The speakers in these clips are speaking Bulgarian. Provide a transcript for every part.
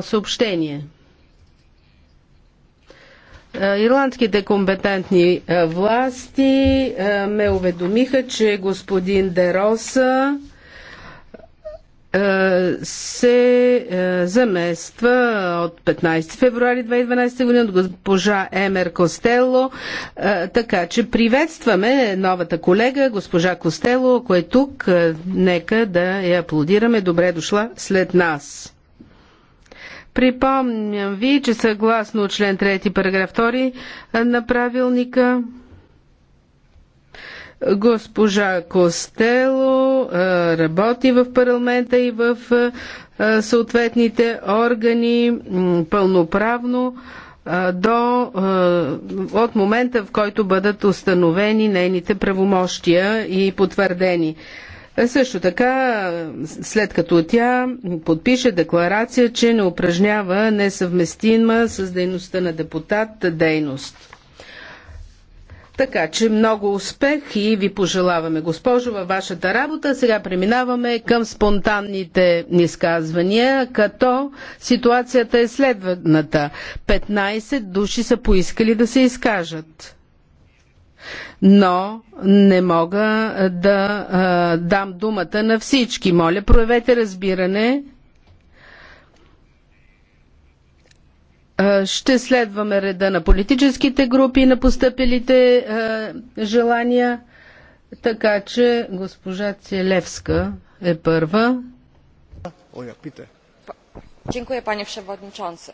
съобщение. Ирландските компетентни власти ме уведомиха, че господин Дероса се замества от 15 февруари 2012 година от госпожа Емер Костело. Така че приветстваме новата колега, госпожа Костело, ако е тук, нека да я аплодираме. Добре дошла след нас. Припомням ви, че съгласно член 3 параграф 2 на правилника госпожа Костело работи в парламента и в съответните органи пълноправно до, от момента, в който бъдат установени нейните правомощия и потвърдени. Също така, след като тя подпише декларация, че не упражнява несъвместима с дейността на депутат дейност. Така че много успех и ви пожелаваме, госпожо, във вашата работа. Сега преминаваме към спонтанните изказвания, като ситуацията е следваната: 15 души са поискали да се изкажат но не мога да а, дам думата на всички. Моля, проявете разбиране. ще следваме реда на политическите групи, на постъпилите е, желания. Така че госпожа Целевска е първа. Оля, пите. Dziękuję panie przewodniczący.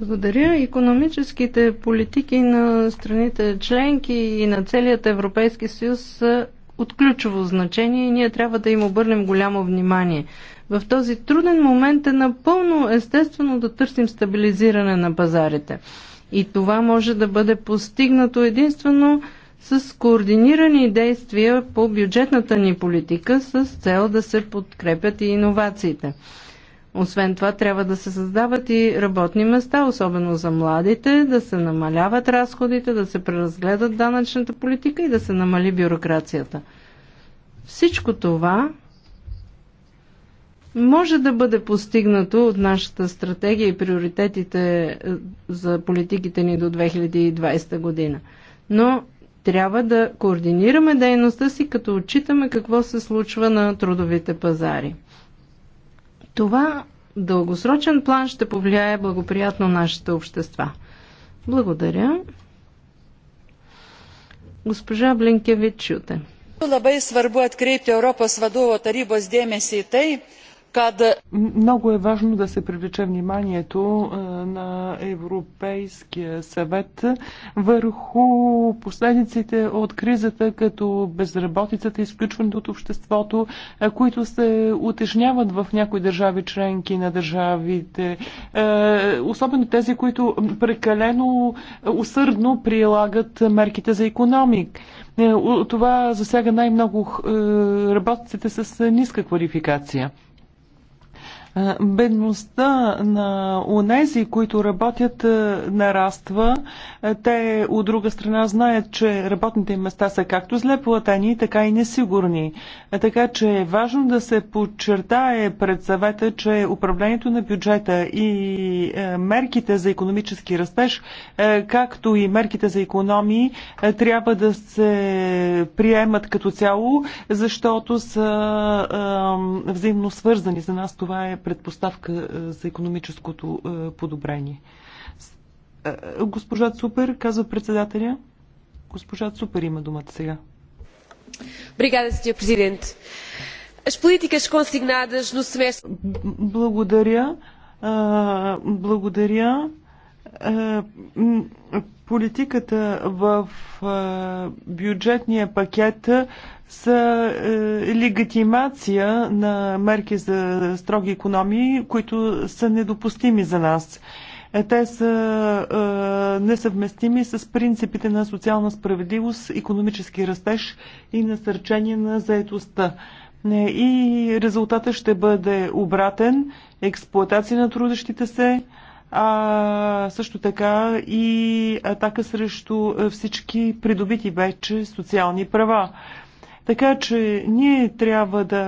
Благодаря. Економическите политики на страните членки и на целият Европейски съюз са от ключово значение и ние трябва да им обърнем голямо внимание. В този труден момент е напълно естествено да търсим стабилизиране на пазарите. И това може да бъде постигнато единствено с координирани действия по бюджетната ни политика с цел да се подкрепят и иновациите. Освен това, трябва да се създават и работни места, особено за младите, да се намаляват разходите, да се преразгледат данъчната политика и да се намали бюрокрацията. Всичко това може да бъде постигнато от нашата стратегия и приоритетите е, за политиките ни до 2020 година. Но трябва да координираме дейността си, като отчитаме какво се случва на трудовите пазари. Това дългосрочен план ще повлияе благоприятно нашите общества. Благодаря. Госпожа Блинкевич Чуте. Labai svarbu atkreipti Europos vadovo tarybos dėmesį į tai, Када... Много е важно да се привлече вниманието на Европейския съвет върху последиците от кризата, като безработицата, изключването от обществото, които се утешняват в някои държави членки на държавите, особено тези, които прекалено усърдно прилагат мерките за економик. Това засяга най-много работниците с ниска квалификация. Бедността на унези, които работят, нараства. Те, от друга страна, знаят, че работните места са както зле платени, така и несигурни. Така че е важно да се подчертае пред съвета, че управлението на бюджета и мерките за економически растеж, както и мерките за економии, трябва да се приемат като цяло, защото са взаимно свързани. За нас това е предпоставка е, за економическото е, подобрение. Е, госпожа Цупер, казва председателя. Госпожа Цупер има думата сега. Бригада, сеньор президент. As políticas consignadas no semestre... Благодаря. Благодаря политиката в бюджетния пакет са е, легитимация на мерки за строги економии, които са недопустими за нас. Е, те са е, несъвместими с принципите на социална справедливост, економически растеж и насърчение на заетостта. Е, и резултата ще бъде обратен експлоатация на трудещите се, а също така и атака срещу всички придобити вече социални права. Така че ние трябва да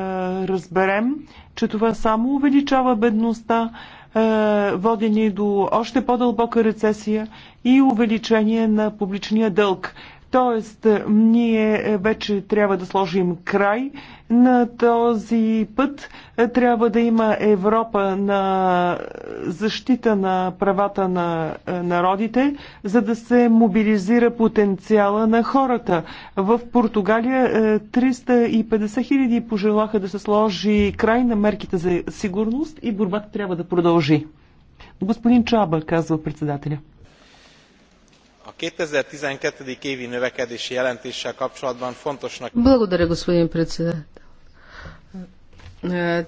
разберем, че това само увеличава бедността, е, водени до още по-дълбока рецесия и увеличение на публичния дълг. Тоест, е, ние е, вече трябва да сложим край на този път. Е, трябва да има Европа на защита на правата на народите, за да се мобилизира потенциала на хората. В Португалия 350 хиляди пожелаха да се сложи край на мерките за сигурност и борбата трябва да продължи. Господин Чаба, казва председателя a two thousand and twelve évi növekedési jelentéssel kapcsolatban fontosnak. Благодаря, господин председател. Е,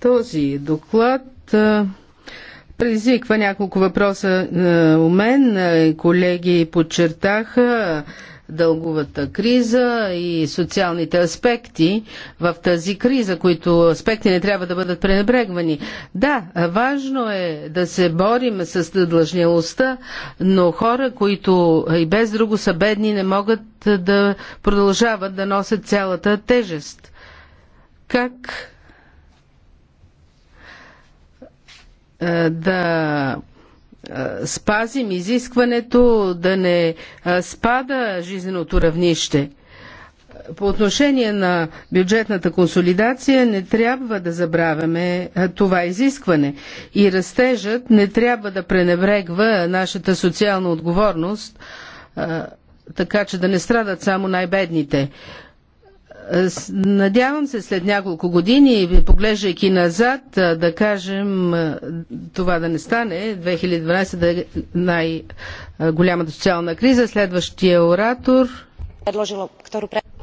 този доклад е, предизвиква няколко въпроса е, у мен. Колеги подчертаха дълговата криза и социалните аспекти в тази криза, които аспекти не трябва да бъдат пренебрегвани. Да, важно е да се борим с длъжнялостта, но хора, които и без друго са бедни, не могат да продължават да носят цялата тежест. Как е, да спазим изискването да не спада жизненото равнище. По отношение на бюджетната консолидация не трябва да забравяме това изискване и растежът не трябва да пренебрегва нашата социална отговорност, така че да не страдат само най-бедните. Е, надявам се след няколко години, поглеждайки назад, е, да кажем е, това да не стане. 2012 да е най-голямата социална криза. Следващия оратор.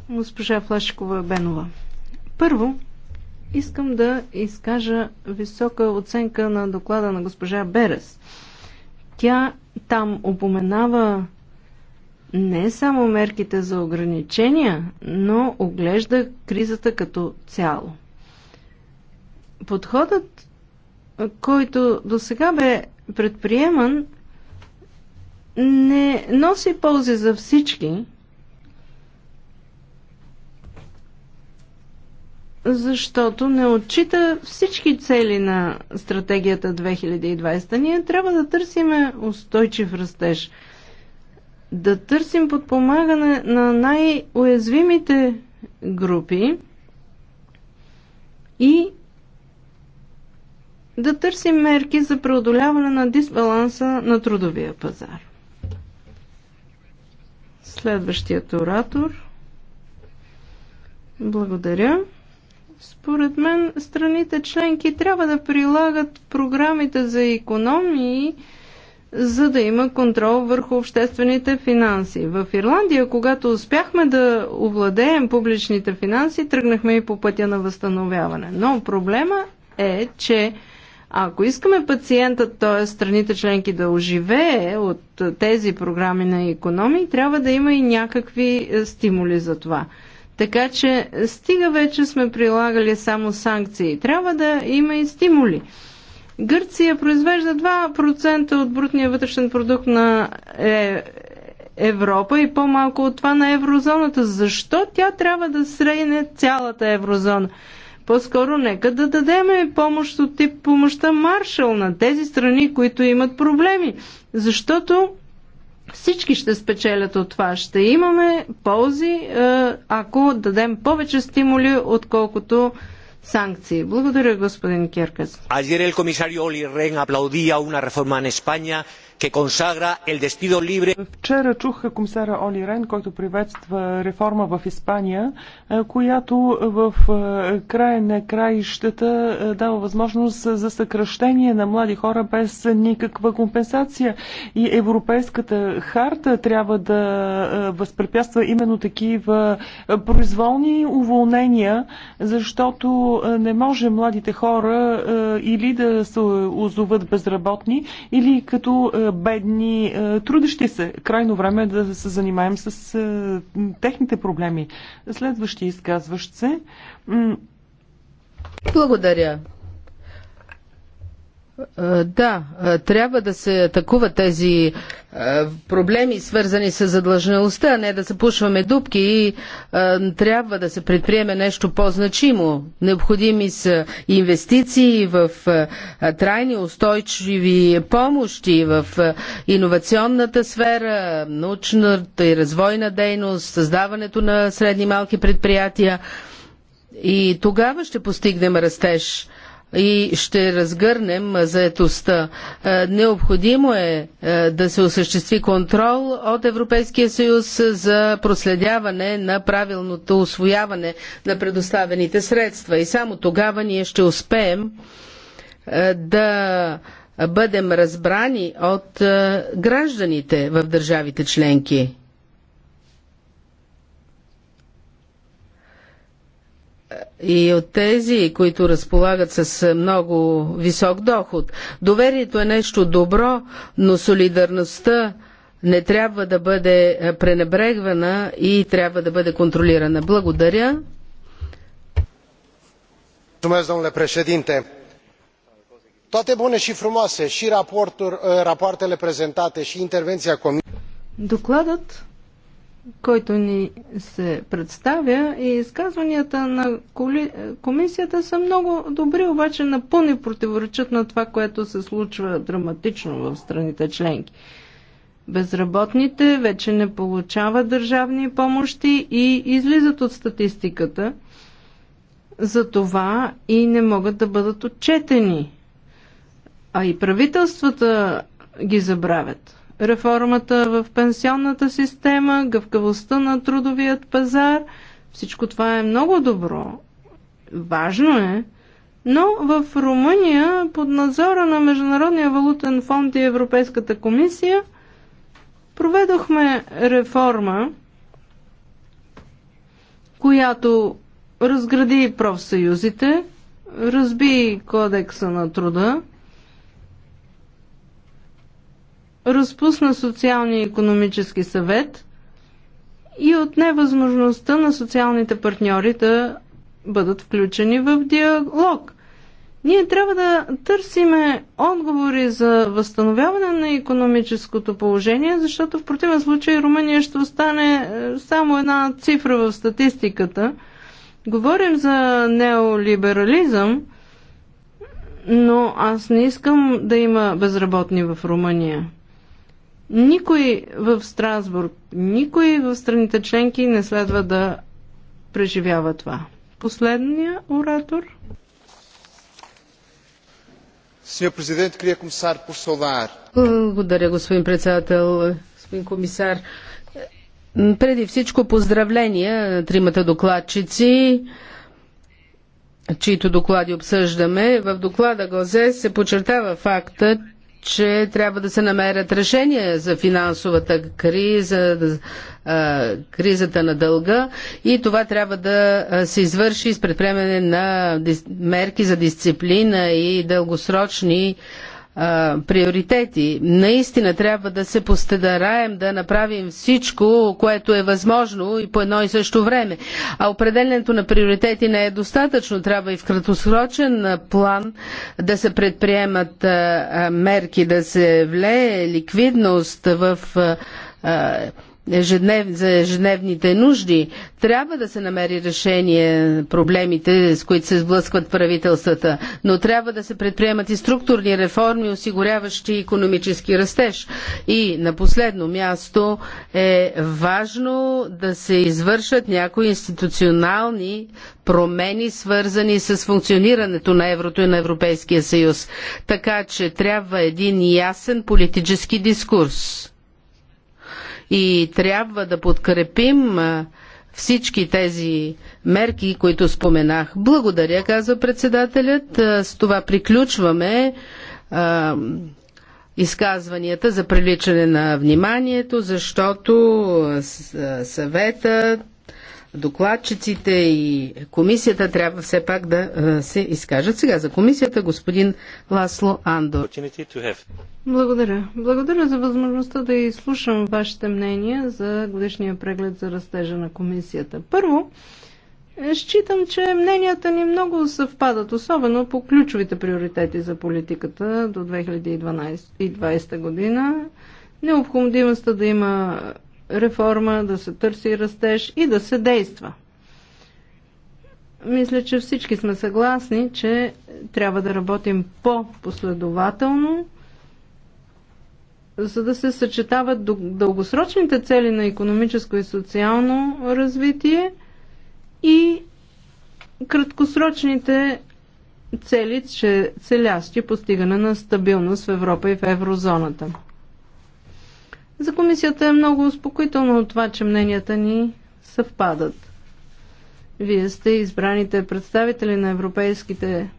Госпожа Флашикова Бенова. Първо, искам да изкажа висока оценка на доклада на госпожа Берес. Тя там упоменава не само мерките за ограничения, но оглежда кризата като цяло. Подходът, който до сега бе предприеман, не носи ползи за всички, защото не отчита всички цели на стратегията 2020. Ние трябва да търсиме устойчив растеж – да търсим подпомагане на най-уязвимите групи и да търсим мерки за преодоляване на дисбаланса на трудовия пазар. Следващият оратор. Благодаря. Според мен страните членки трябва да прилагат програмите за економии, за да има контрол върху обществените финанси. В Ирландия, когато успяхме да овладеем публичните финанси, тръгнахме и по пътя на възстановяване. Но проблема е, че ако искаме пациентът, т.е. страните членки да оживее от тези програми на економии, трябва да има и някакви е, стимули за това. Така че стига вече сме прилагали само санкции. Трябва да има и стимули. Гърция произвежда 2% от брутния вътрешен продукт на е, Европа и по-малко от това на еврозоната. Защо тя трябва да срейне цялата еврозона? По-скоро нека да дадем помощ от тип помощта Маршал на тези страни, които имат проблеми. Защото всички ще спечелят от това. Ще имаме ползи, е, ако дадем повече стимули, отколкото санкции. Благодаря, господин Киркас. Ayer el comisario Olli Rehn aplaudía una reforma en España Вчера чух комисара Оли Рен, който приветства реформа в Испания, е, която в е, края на краищата е, дава възможност за съкръщение на млади хора без никаква компенсация. И Европейската харта трябва да възпрепятства именно такива произволни уволнения, защото не може младите хора или да се озоват безработни, или като бедни, е, трудещи се. Крайно време е да се занимаем с е, техните проблеми. Следващи изказващ се. Благодаря. Е, да, е, трябва да се атакуват тези е, проблеми, свързани с задлъжнялостта, а не да се пушваме дубки и трябва да се предприеме нещо по-значимо. Необходими са инвестиции в трайни устойчиви помощи в иновационната сфера, научната и развойна дейност, създаването на средни малки предприятия. И тогава ще постигнем растеж и ще разгърнем заетостта. Е, необходимо е, е да се осъществи контрол от Европейския съюз за проследяване на правилното освояване на предоставените средства. И само тогава ние ще успеем е, да бъдем разбрани от гражданите в държавите членки. и от тези, които разполагат с е, много висок доход. Доверието е нещо добро, но солидарността не трябва да бъде е, пренебрегвана и трябва да бъде контролирана. Благодаря. Toate bune și frumoase, și е, rapoartele prezentate și intervenția Comisiei. Докладът който ни се представя и изказванията на комисията са много добри, обаче напълно противоречат на това, което се случва драматично в страните членки. Безработните вече не получават държавни помощи и излизат от статистиката. За това и не могат да бъдат отчетени. А и правителствата ги забравят реформата в пенсионната система, гъвкавостта на трудовият пазар. Всичко това е много добро. Важно е. Но в Румъния, под надзора на Международния валутен фонд и Европейската комисия, проведохме реформа, която разгради профсъюзите, разби кодекса на труда, разпусна социалния и економически съвет и отне възможността на социалните партньори да бъдат включени в диалог. Ние трябва да търсиме отговори за възстановяване на економическото положение, защото в противен случай Румъния ще остане е, само една цифра в статистиката. Говорим за неолиберализъм, но аз не искам да има безработни в Румъния. Никой в Страсбург, никой в страните членки не следва да преживява това. Последния оратор. Благодаря, господин председател, господин комисар. Преди всичко поздравления на тримата докладчици, чието доклади обсъждаме. В доклада ГОЗЕ се подчертава факта, че трябва да се намерят решения за финансовата криза, кризата на дълга и това трябва да се извърши с предприемане на мерки за дисциплина и дългосрочни приоритети. Наистина трябва да се постараем да направим всичко, което е възможно и по едно и също време. А определенето на приоритети не е достатъчно. Трябва и в краткосрочен план да се предприемат мерки, да се влее ликвидност в а, ежеднев, за ежедневните нужди, трябва да се намери решение на проблемите, с които се сблъскват правителствата, но трябва да се предприемат и структурни реформи, осигуряващи економически растеж. И на последно място е важно да се извършат някои институционални промени, свързани с функционирането на еврото и на Европейския съюз. Така че трябва един ясен политически дискурс и трябва да подкрепим всички тези мерки, които споменах. Благодаря, казва председателят. С това приключваме а, изказванията за привличане на вниманието, защото съветът докладчиците и комисията трябва все пак да се изкажат. Сега за комисията господин Ласло Андор. Благодаря. Благодаря за възможността да изслушам вашите мнения за годишния преглед за растежа на комисията. Първо, е, Считам, че мненията ни много съвпадат, особено по ключовите приоритети за политиката до 2012 година. Необходимостта да има реформа, да се търси растеж и да се действа. Мисля, че всички сме съгласни, че трябва да работим по-последователно, за да се съчетават дългосрочните цели на економическо и социално развитие и краткосрочните цели, че целящи постигане на стабилност в Европа и в еврозоната. За комисията е много успокоително от това, че мненията ни съвпадат. Вие сте избраните представители на европейските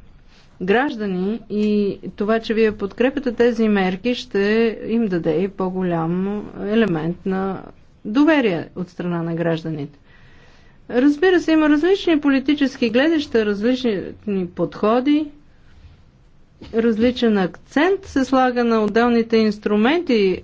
граждани и това, че вие подкрепяте тези мерки, ще им даде и по-голям елемент на доверие от страна на гражданите. Разбира се, има различни политически гледаща, различни подходи, различен акцент се слага на отделните инструменти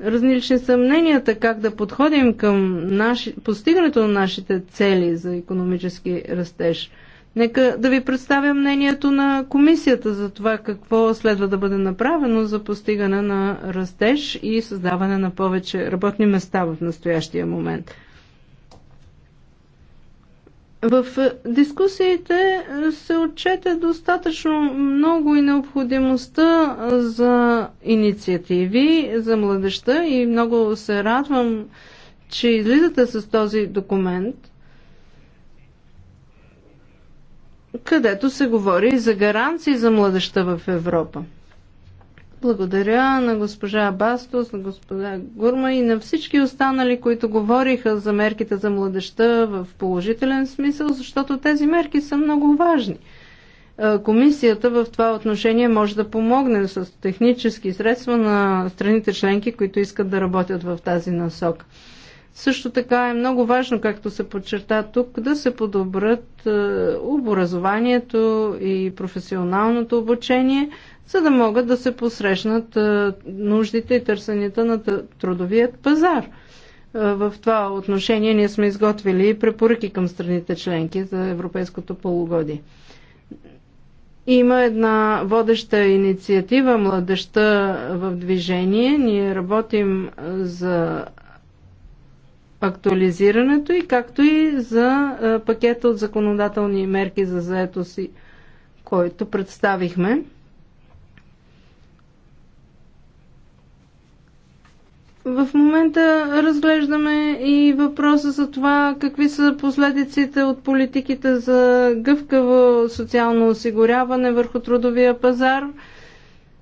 Различни са мненията как да подходим към наши, постигането на нашите цели за економически растеж. Нека да ви представя мнението на комисията за това какво следва да бъде направено за постигане на растеж и създаване на повече работни места в настоящия момент. В е, дискусиите е, се отчете достатъчно много и необходимостта е, за инициативи за младеща и много се радвам, че излизате с този документ, където се говори за гаранции за младеща в Европа. Благодаря на госпожа Бастос, на господа Гурма и на всички останали, които говориха за мерките за младеща в положителен смисъл, защото тези мерки са много важни. Е, комисията в това отношение може да помогне с технически средства на страните членки, които искат да работят в тази насока. Също така е много важно, както се подчерта тук, да се подобрят е, образованието и професионалното обучение, за да могат да се посрещнат е, нуждите и търсенията на трудовият пазар. Е, в това отношение ние сме изготвили препоръки към страните членки за европейското полугодие. Има една водеща инициатива Младеща в движение. Ние работим е, за актуализирането и както и за пакета от законодателни мерки за заетост, който представихме. В момента разглеждаме и въпроса за това какви са последиците от политиките за гъвкаво социално осигуряване върху трудовия пазар.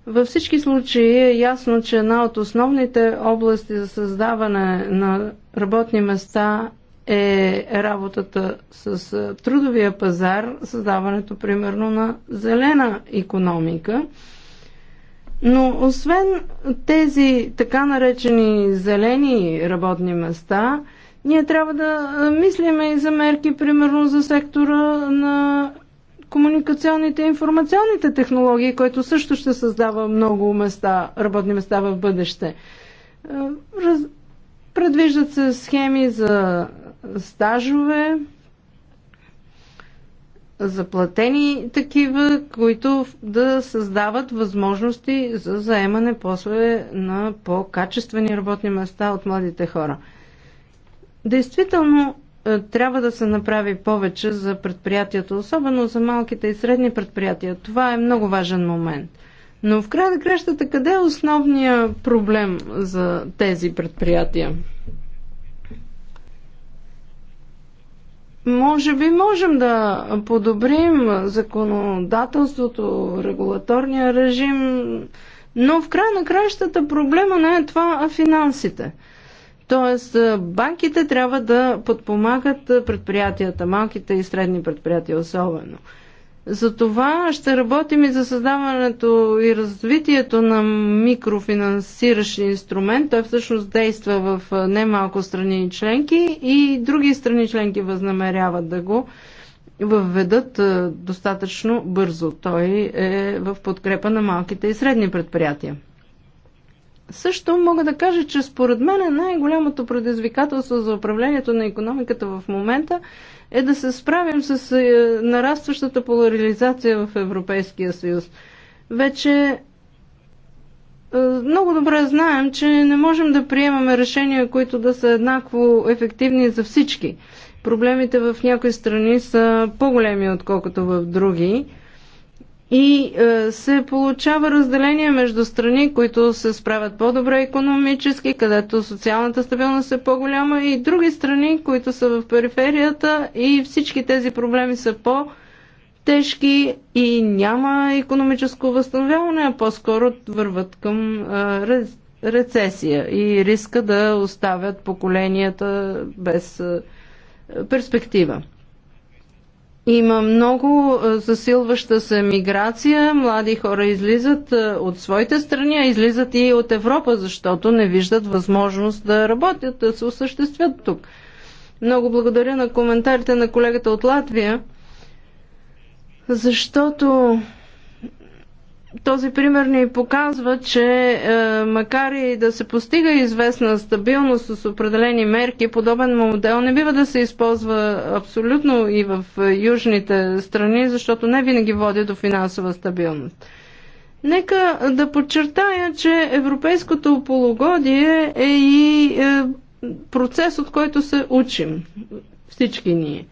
Във всички случаи е ясно, че една от основните области за създаване на работни места е работата с е, трудовия пазар, създаването примерно на зелена економика. Но освен тези така наречени зелени работни места, ние трябва да мислиме и за мерки, примерно за сектора на комуникационните и информационните технологии, който също ще създава много места, работни места в бъдеще. Раз... Предвиждат се схеми за стажове, заплатени такива, които да създават възможности за заемане после на по-качествени работни места от младите хора. Действително е, трябва да се направи повече за предприятията, особено за малките и средни предприятия. Това е много важен момент. Но в край на кращата къде е основният проблем за тези предприятия? Може би можем да подобрим законодателството, регулаторния режим, но в край на краищата проблема не е това, а финансите. Тоест, банките трябва да подпомагат предприятията, малките и средни предприятия особено. За това ще работим и за създаването и развитието на микрофинансиращ инструмент. Той всъщност действа в немалко страни членки и други страни членки възнамеряват да го въведат достатъчно бързо. Той е в подкрепа на малките и средни предприятия. Също мога да кажа, че според мен най-голямото предизвикателство за управлението на економиката в момента е да се справим с е, нарастващата поляризация в Европейския съюз. Вече е, много добре знаем, че не можем да приемаме решения, които да са еднакво ефективни за всички. Проблемите в някои страни са по-големи, отколкото в други и е, се получава разделение между страни, които се справят по-добре економически, където социалната стабилност е по-голяма и други страни, които са в периферията и всички тези проблеми са по- тежки и няма економическо възстановяване, а по-скоро върват към е, рецесия и риска да оставят поколенията без е, перспектива. Има много засилваща се миграция. Млади хора излизат от своите страни, а излизат и от Европа, защото не виждат възможност да работят, да се осъществят тук. Много благодаря на коментарите на колегата от Латвия, защото този пример ни показва, че е, макар и да се постига известна стабилност с определени мерки, подобен модел не бива да се използва абсолютно и в е, южните страни, защото не винаги води до финансова стабилност. Нека да подчертая, че европейското полугодие е и е, процес, от който се учим всички ние.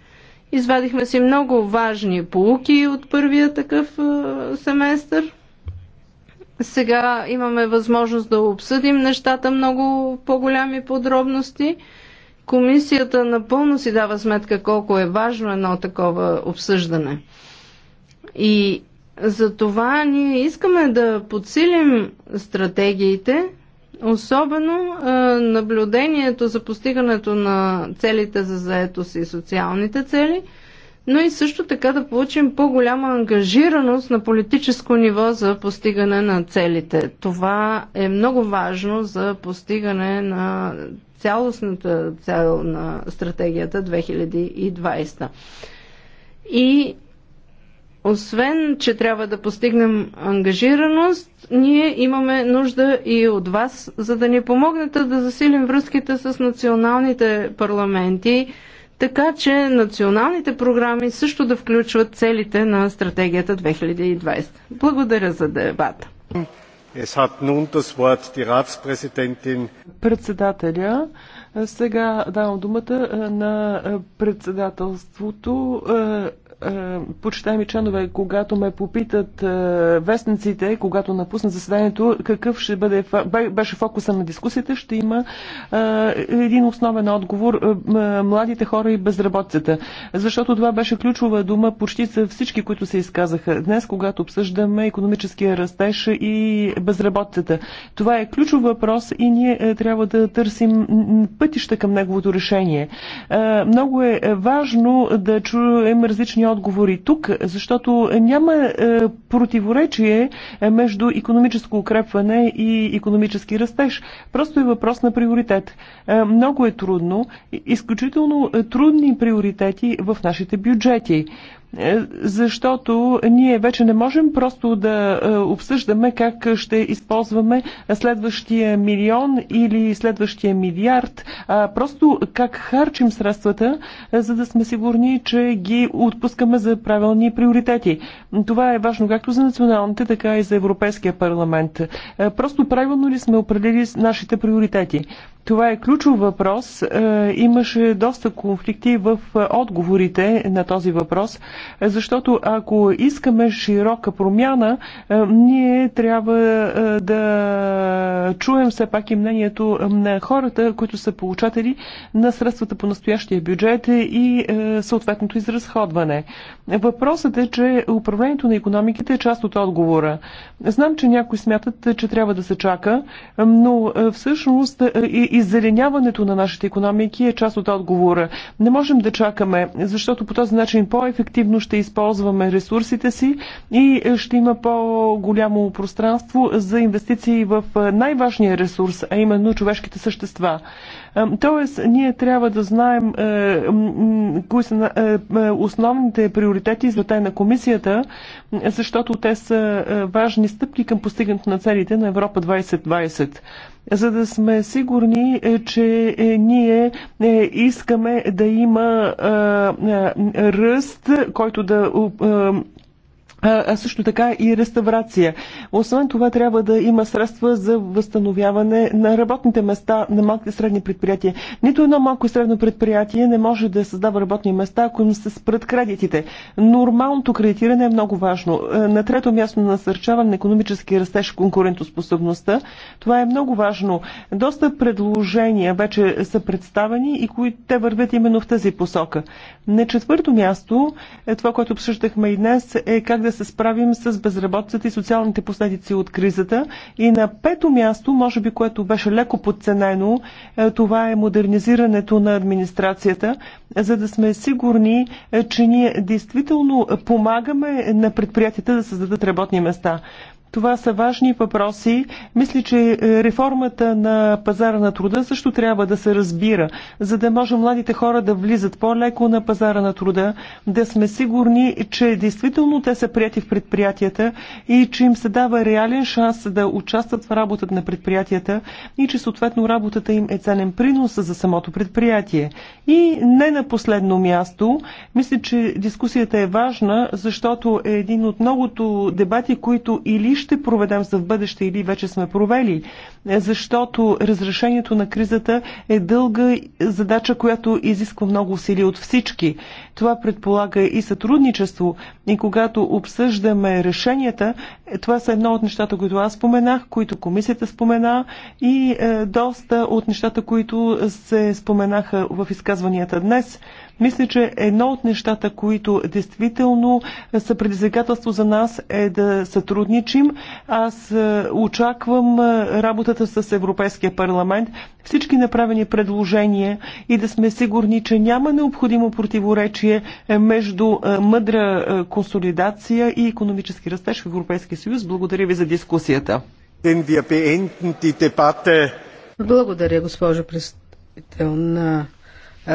Извадихме си много важни полуки от първия такъв е, семестър сега имаме възможност да обсъдим нещата много по-голями подробности. Комисията напълно си дава сметка колко е важно едно такова обсъждане. И за това ние искаме да подсилим стратегиите, особено наблюдението за постигането на целите за заетост и социалните цели – но и също така да получим по-голяма ангажираност на политическо ниво за постигане на целите. Това е много важно за постигане на цялостната цел на стратегията 2020. И освен, че трябва да постигнем ангажираност, ние имаме нужда и от вас, за да ни помогнете да засилим връзките с националните парламенти, така че националните програми също да включват целите на стратегията 2020. Благодаря за дебата. Председателя, сега давам думата на председателството е, почитаеми чанове, когато ме попитат е, вестниците, когато напуснат заседанието, какъв ще бъде, беше фокуса на дискусията, ще има е, един основен отговор младите хора и безработицата. Защото това беше ключова дума почти за всички, които се изказаха днес, когато обсъждаме економическия растеж и безработицата. Това е ключов въпрос и ние трябва да търсим пътища към неговото решение. Много е важно да чуем различни отговори тук, защото няма е, противоречие между економическо укрепване и економически растеж. Просто е въпрос на приоритет. Е, много е трудно, изключително трудни приоритети в нашите бюджети. Е, защото ние вече не можем просто да е, обсъждаме как ще използваме следващия милион или следващия милиард, а просто как харчим средствата, е, за да сме сигурни, че ги отпускаме за правилни приоритети. Това е важно както за националните, така и за Европейския парламент. Просто правилно ли сме определили нашите приоритети? Това е ключов въпрос. Имаше доста конфликти в отговорите на този въпрос защото ако искаме широка промяна, е, ние трябва е, да чуем все пак и мнението е, на хората, които са получатели на средствата по настоящия бюджет и съответното изразходване. Въпросът е, че управлението на економиките е част от отговора. Знам, че някои смятат, че трябва да се чака, но всъщност иззеленяването на нашите економики е част от отговора. Не можем да чакаме, защото по този начин по-ефективно ефективно ще използваме ресурсите си и ще има по-голямо пространство за инвестиции в най-важния ресурс, а именно човешките същества. Тоест, ние трябва да знаем е, кои са е, е, основните приоритети за тая на комисията, защото те са важни стъпки към постигането на целите на Европа 2020 за да сме сигурни, е, че е, ние е, искаме да има ръст, който да а също така и реставрация. Освен това трябва да има средства за възстановяване на работните места на малките и средни предприятия. Нито едно малко и средно предприятие не може да създава работни места, ако им се спрат кредитите. Нормалното кредитиране е много важно. На трето място на насърчаване на економически растеж конкурентоспособността. Това е много важно. Доста предложения вече са представени и които те вървят именно в тази посока. На четвърто място, е, това, което обсъждахме и днес, е как да да се справим с безработицата и социалните последици от кризата. И на пето място, може би, което беше леко подценено, е, това е модернизирането на администрацията, за да сме сигурни, е, че ние действително помагаме на предприятията да създадат работни места. Това са важни въпроси. Мисля, че е, реформата на пазара на труда също трябва да се разбира, за да може младите хора да влизат по-леко на пазара на труда, да сме сигурни, че действително те са прияти в предприятията и че им се дава реален шанс да участват в работата на предприятията и че съответно работата им е ценен принос за самото предприятие. И не на последно място, мисля, че дискусията е важна, защото е един от многото дебати, които или ще проведем за в бъдеще или вече сме провели, защото разрешението на кризата е дълга задача, която изисква много усилия от всички. Това предполага и сътрудничество. И когато обсъждаме решенията, това са едно от нещата, които аз споменах, които комисията спомена и е, доста от нещата, които се споменаха в изказванията днес. Мисля, че едно от нещата, които действително са предизвикателство за нас е да сътрудничим. Аз е, очаквам е, работата с Европейския парламент, всички направени предложения и да сме сигурни, че няма необходимо противоречие е, между мъдра консолидация и економически растеж в Европейския съюз. Благодаря ви за дискусията. Благодаря, госпожо председател на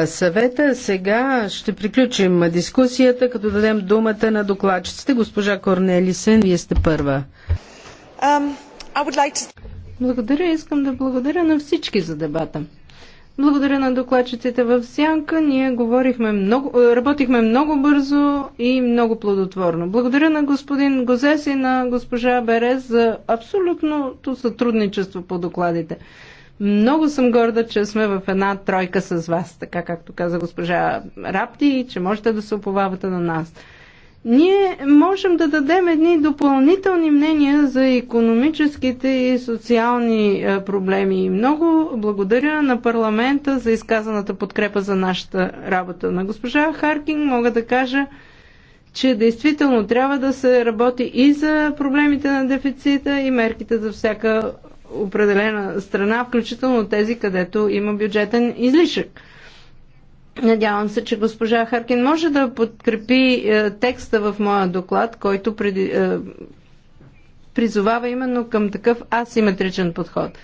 съвета. Сега ще приключим дискусията, като дадем думата на докладчиците. Госпожа Корнелисен, вие сте първа. Um, like to... Благодаря. Искам да благодаря на всички за дебата. Благодаря на докладчиците в Сянка. Ние говорихме много, е, работихме много бързо и много плодотворно. Благодаря на господин Гозес и на госпожа Берез за абсолютното сътрудничество по докладите. Много съм горда, че сме в една тройка с вас, така както каза госпожа Рапти, че можете да се оповавате на нас. Ние можем да дадем едни допълнителни мнения за економическите и социални е, проблеми. Много благодаря на парламента за изказаната подкрепа за нашата работа. На госпожа Харкинг мога да кажа, че действително трябва да се работи и за проблемите на дефицита и мерките за всяка определена страна, включително тези, където има бюджетен излишък. Надявам се, че госпожа Харкин може да подкрепи е, текста в моя доклад, който преди, е, призовава именно към такъв асиметричен подход –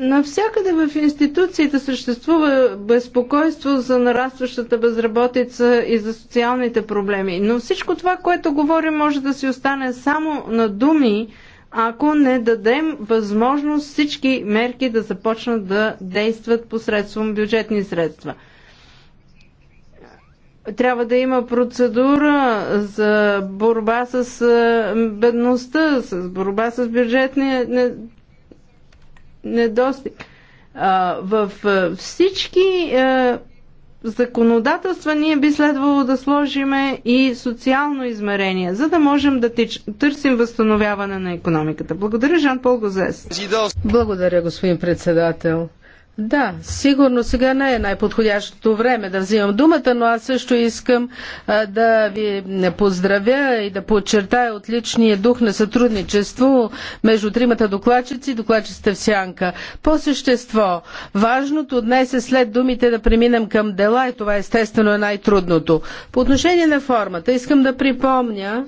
Навсякъде в институциите съществува безпокойство за нарастващата безработица и за социалните проблеми. Но всичко това, което говорим, може да си остане само на думи, ако не дадем възможност всички мерки да започнат да действат посредством бюджетни средства. Трябва да има процедура за борба с е, бедността, с борба с бюджетния недостиг. В всички законодателства ние би следвало да сложиме и социално измерение, за да можем да тич... търсим възстановяване на економиката. Благодаря, Жан Пол Гозес. Благодаря, господин председател. Да, сигурно сега не е най-подходящото време да взимам думата, но аз също искам а, да ви поздравя и да подчертая отличния дух на сътрудничество между тримата докладчици и докладчицата в Сянка. По същество, важното днес е след думите да преминем към дела и това естествено е най-трудното. По отношение на формата, искам да припомня,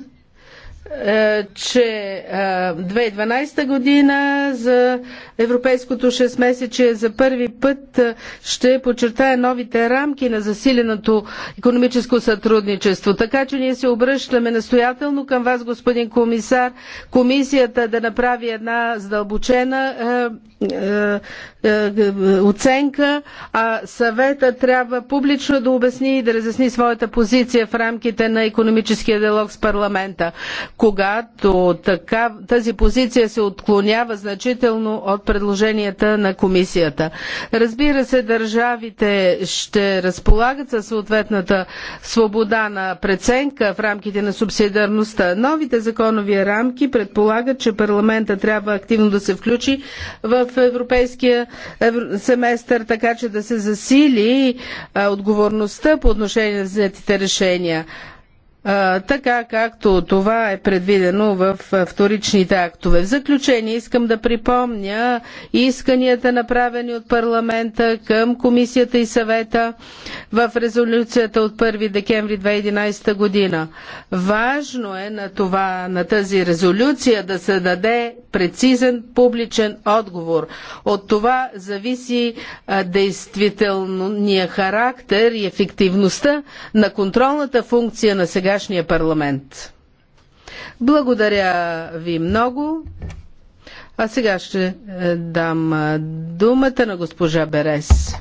е, че 2012 е, година за европейското 6 месече за първи път е, ще подчертая новите рамки на засиленото економическо сътрудничество. Така че ние се обръщаме настоятелно към вас, господин комисар, комисията да направи една задълбочена оценка, а съвета трябва публично да обясни и да разясни своята позиция в рамките на економическия диалог с парламента когато така, тази позиция се отклонява значително от предложенията на комисията. Разбира се, държавите ще разполагат със съответната свобода на преценка в рамките на субсидиарността. Новите законови рамки предполагат, че парламента трябва активно да се включи в европейския семестър, така че да се засили отговорността по отношение на взетите решения така както това е предвидено в вторичните актове. В заключение искам да припомня исканията направени от парламента към комисията и съвета в резолюцията от 1 декември 2011 година. Важно е на, това, на тази резолюция да се даде прецизен публичен отговор. От това зависи действителния характер и ефективността на контролната функция на сега сегашния парламент. Благодаря ви много. А сега ще е, дам е, думата на госпожа Берес.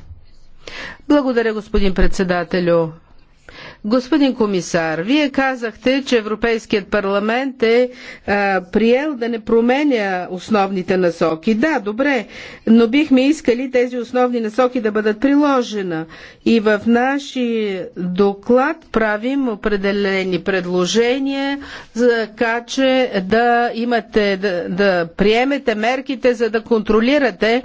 Благодаря, господин председателю. Господин комисар, вие казахте, че Европейският парламент е а, е, приел да не променя основните насоки. Да, добре, но бихме искали тези основни насоки да бъдат приложена. И в нашия доклад правим определени предложения, така че да имате, да, да приемете мерките, за да контролирате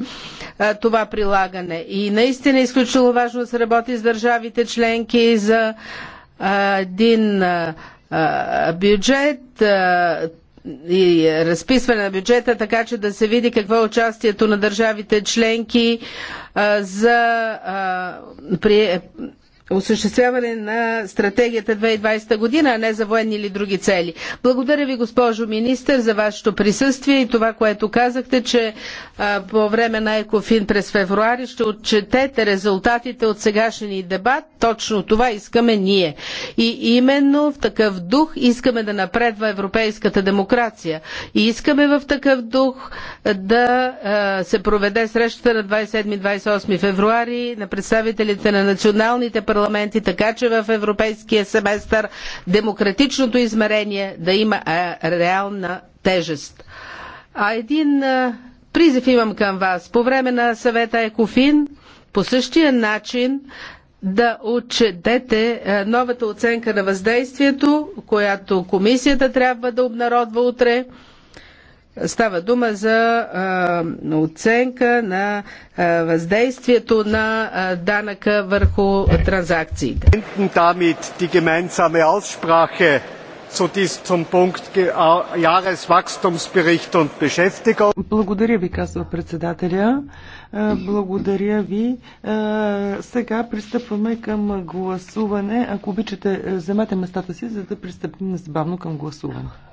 а, е, това прилагане. И наистина е изключително важно да се работи с държавите членки за един бюджет и разписване на бюджета, така че да се види какво е участието на държавите членки за осъществяване на стратегията 2020 година, а не за военни или други цели. Благодаря ви, госпожо министър, за вашето присъствие и това, което казахте, че а, по време на Екофин през февруари ще отчетете резултатите от сегашния ни дебат. Точно това искаме ние. И именно в такъв дух искаме да напредва европейската демокрация. И искаме в такъв дух да а, се проведе срещата на 27-28 февруари на представителите на националните парламенти парламенти, така че в европейския семестър демократичното измерение да има реална тежест. А един призив имам към вас. По време на съвета Екофин по същия начин да отчетете новата оценка на въздействието, която комисията трябва да обнародва утре. Става дума за а, оценка на а, въздействието на а, данъка върху транзакциите. Благодаря ви, казва председателя. Благодаря ви. Сега пристъпваме към гласуване. Ако обичате, вземете местата си, за да пристъпим незабавно към гласуване.